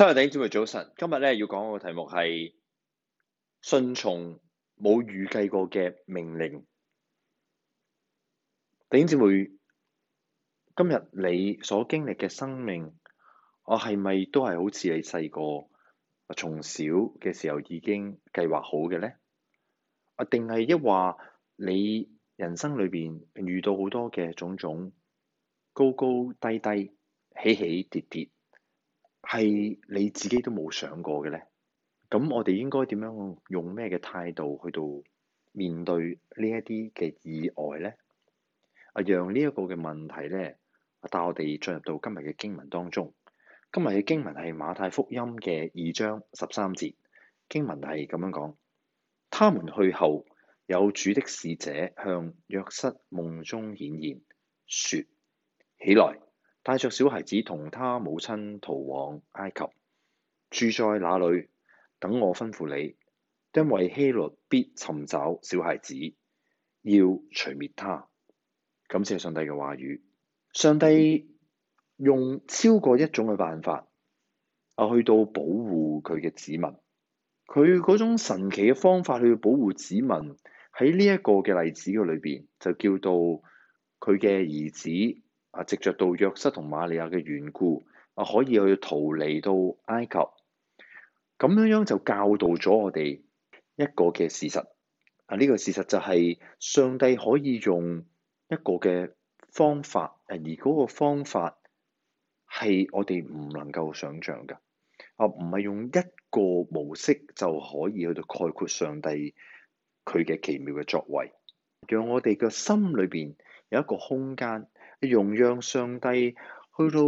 真係弟兄姊妹早晨，今日咧要講嘅題目係順從冇預計過嘅命令。弟兄姊妹，今日你所經歷嘅生命，我係咪都係好似你細個啊，從小嘅時候已經計劃好嘅咧？啊，定係一話你人生裏邊遇到好多嘅種種高高低低、起起跌跌？係你自己都冇想過嘅咧，咁我哋應該點樣用咩嘅態度去到面對呢一啲嘅意外咧？啊，讓呢一個嘅問題咧，帶我哋進入到今日嘅經文當中。今日嘅經文係馬太福音嘅二章十三節，經文係咁樣講：他們去後，有主的使者向約瑟夢中顯現，説：起來！帶着小孩子同他母親逃往埃及，住在那裏，等我吩咐你，因為希律必尋找小孩子，要除滅他。感謝上帝嘅話語。上帝用超過一種嘅辦法啊，去到保護佢嘅子民。佢嗰種神奇嘅方法去保護子民，喺呢一個嘅例子嘅裏邊，就叫做佢嘅兒子。啊！藉著到約瑟同瑪利亞嘅緣故啊，可以去逃離到埃及。咁樣樣就教導咗我哋一個嘅事實啊。呢、這個事實就係上帝可以用一個嘅方法，而嗰個方法係我哋唔能夠想象噶啊，唔係用一個模式就可以去到概括上帝佢嘅奇妙嘅作為，讓我哋嘅心裏邊有一個空間。容讓上帝去到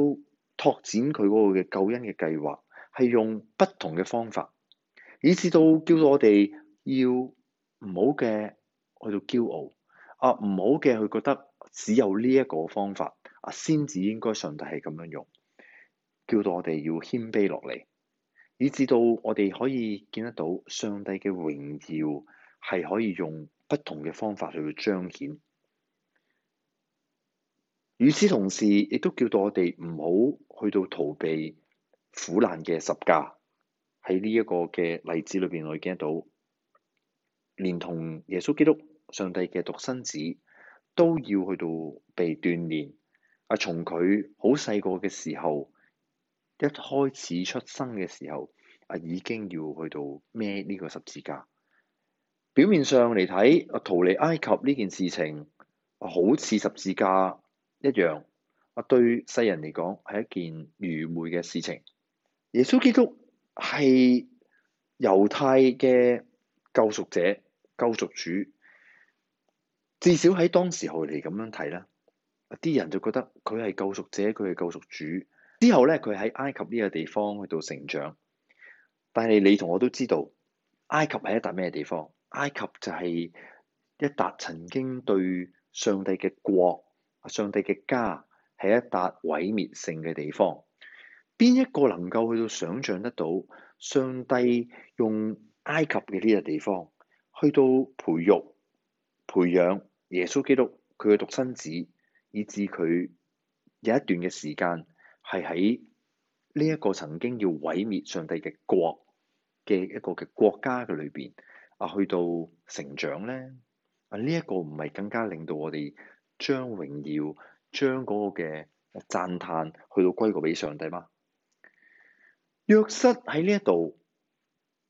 拓展佢嗰個嘅救恩嘅計劃，係用不同嘅方法，以至到叫到我哋要唔好嘅去到驕傲，啊，唔好嘅去覺得只有呢一個方法啊，先至應該上帝係咁樣用，叫到我哋要謙卑落嚟，以至到我哋可以見得到上帝嘅榮耀係可以用不同嘅方法去到彰顯。與此同時，亦都叫到我哋唔好去到逃避苦難嘅十架。喺呢一個嘅例子裏邊，我見到連同耶穌基督、上帝嘅獨生子都要去到被鍛鍊。啊，從佢好細個嘅時候，一開始出生嘅時候，啊已經要去到孭呢個十字架。表面上嚟睇，逃離埃及呢件事情，好似十字架一樣，我對世人嚟講係一件愚昧嘅事情。耶穌基督係猶太嘅救贖者、救贖主，至少喺當時候嚟咁樣睇啦。啲人就覺得佢係救贖者，佢係救贖主。之後咧，佢喺埃及呢個地方去到成長。但係你同我都知道，埃及係一笪咩地方？埃及就係一笪曾經對上帝嘅國。上帝嘅家係一笪毀滅性嘅地方，邊一個能夠去到想象得到？上帝用埃及嘅呢個地方去到培育、培養耶穌基督佢嘅獨生子，以至佢有一段嘅時間係喺呢一個曾經要毀滅上帝嘅國嘅一個嘅國家嘅裏邊啊，去到成長咧啊，呢、這、一個唔係更加令到我哋？將榮耀將嗰個嘅讚歎去到歸過俾上帝嗎？約瑟喺呢一度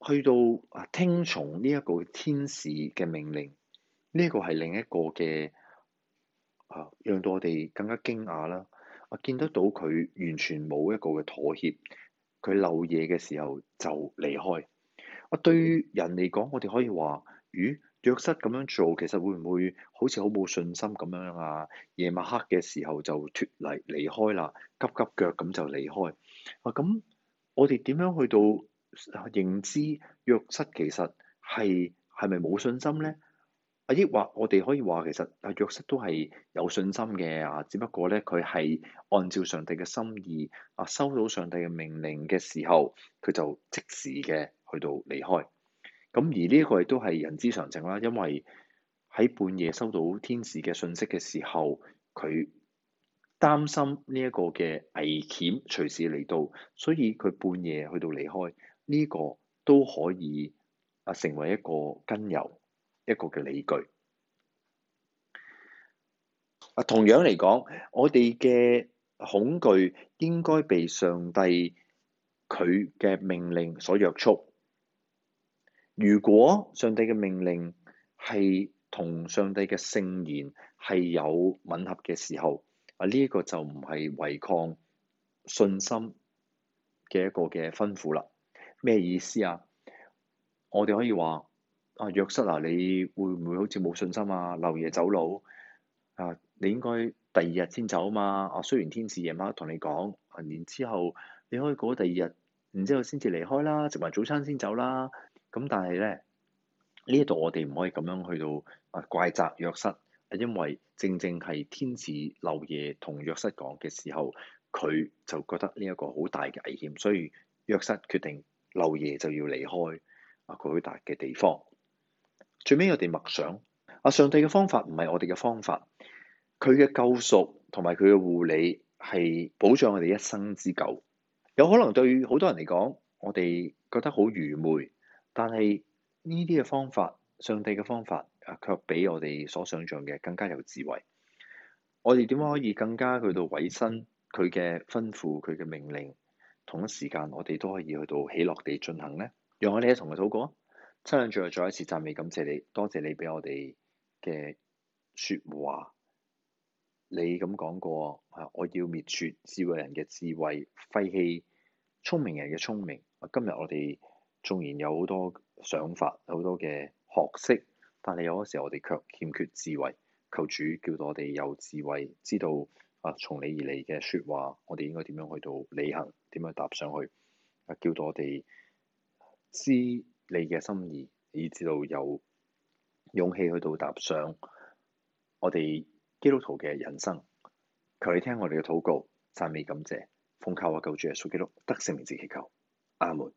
去到啊聽從呢一個天使嘅命令，呢、這、一個係另一個嘅啊，讓到我哋更加驚訝啦！我、啊、見得到佢完全冇一個嘅妥協，佢漏嘢嘅時候就離開。我對於人嚟講，我哋可以話，咦？約瑟咁樣做，其實會唔會好似好冇信心咁樣啊？夜晚黑嘅時候就脫離離開啦，急急腳咁就離開。啊，咁我哋點樣去到認知約瑟其實係係咪冇信心咧？抑或我哋可以話其實啊約瑟都係有信心嘅啊，只不過咧佢係按照上帝嘅心意啊，收到上帝嘅命令嘅時候，佢就即時嘅去到離開。咁而呢一個亦都係人之常情啦，因為喺半夜收到天使嘅信息嘅時候，佢擔心呢一個嘅危險隨時嚟到，所以佢半夜去到離開，呢個都可以啊成為一個根由，一個嘅理據。啊，同樣嚟講，我哋嘅恐懼應該被上帝佢嘅命令所約束。如果上帝嘅命令係同上帝嘅聖言係有吻合嘅時候，啊呢一，這個就唔係違抗信心嘅一個嘅吩咐啦。咩意思啊？我哋可以話啊約瑟啊，你會唔會好似冇信心啊？漏夜走佬，啊，你應該第二日先走啊嘛。啊雖然天使夜晚同你講，啊，然之後你可以過第二日，然之後先至離開啦，食埋早餐先走啦。咁但係咧呢度，我哋唔可以咁樣去到啊怪責約瑟，因為正正係天使漏夜同約瑟講嘅時候，佢就覺得呢一個好大嘅危險，所以約瑟決定漏夜就要離開啊，佢去達嘅地方。最尾我哋默想啊，上帝嘅方法唔係我哋嘅方法，佢嘅救贖同埋佢嘅護理係保障我哋一生之久。有可能對好多人嚟講，我哋覺得好愚昧。但係呢啲嘅方法，上帝嘅方法，啊，卻比我哋所想象嘅更加有智慧。我哋點樣可以更加去到委身佢嘅吩咐、佢嘅命令？同一時間，我哋都可以去到喜樂地進行呢？讓我哋一同嚟禱告啊！親愛最後再一次讚美感謝你，多謝你俾我哋嘅說話。你咁講過啊！我要滅絕智慧人嘅智慧，廢棄聰明人嘅聰明。今日我哋。縱然有好多想法，有好多嘅學識，但係有陣時我哋卻欠缺智慧。求主叫到我哋有智慧，知道啊從你而嚟嘅説話，我哋應該點樣去到履行，點樣踏上去啊？叫到我哋知你嘅心意，以至到有勇氣去到踏上我哋基督徒嘅人生。求你聽我哋嘅禱告，讚美感謝，奉靠我救主耶穌基督，得勝名字祈求，阿門。